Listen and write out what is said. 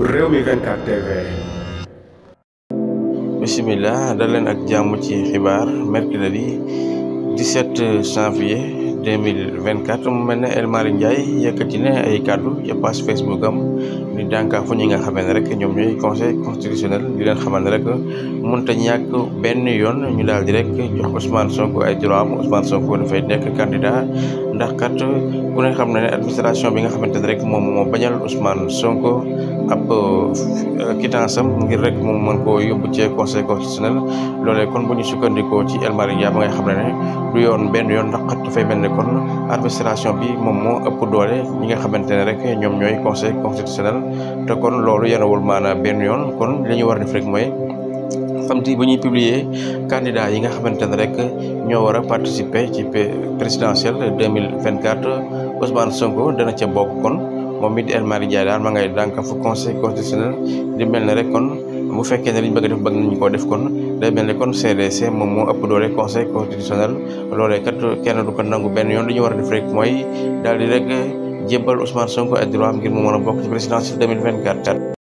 Rewmi 24 TV bismillah daleen ak jàmm ci xibaar mercredi 17 janvier 2024 mu mel ne El Malick ya Ndiaye yëkkati na ay ya kàddu ca ya page Facebook am di dànkaafu ñi nga xamee ne rek ñoom ñooy conseil constitutionnel di leen xamal ne rek mënta ñàkk benn yoon ñu daal di rek jox Ousmane Sonko ay droit Ousmane Sonko dafay nekk candidat ndax kat ku ne xam na ne administration bi nga xamante ne rek moom moo bañal Ousmane Sonko ab euh, euh, quittance ngir rek moom mën koo yóbbu ci conseil constitutionnel loolee kon bu ñu sukkandikoo ci El Malick Ndiaye nga xam ne ne lu yoon benn yoon ndax kat dafay mel ne kon administration bi moom moo ëpp doole ñi nga xamante ne rek ñoom ñooy conseil constitutionnel te kon loolu yanawul maanaam benn yoon kon li ñu war def rek mooy. samedi ba ñuy publier candidat yi nga xamante ne rek ñoo war participer ci présidentielle 2024 Ousmane Sonko dana ca bokk kon moom El Mari Ndiaye daal ma ngay dànkafu conseil constitutionnel di mel ne rek kon bu fekkee ne liñ bëgg def bëgg nañ ko def kon day mel ne kon CDC moom moo ëpp doole conseil constitutionnel loolee kat kenn du ko nangu benn yoon li ñu war a def rek mooy daal di rek jébbal Ousmane Sonko ay droit ngir mu mën a ci présidentielle 2024.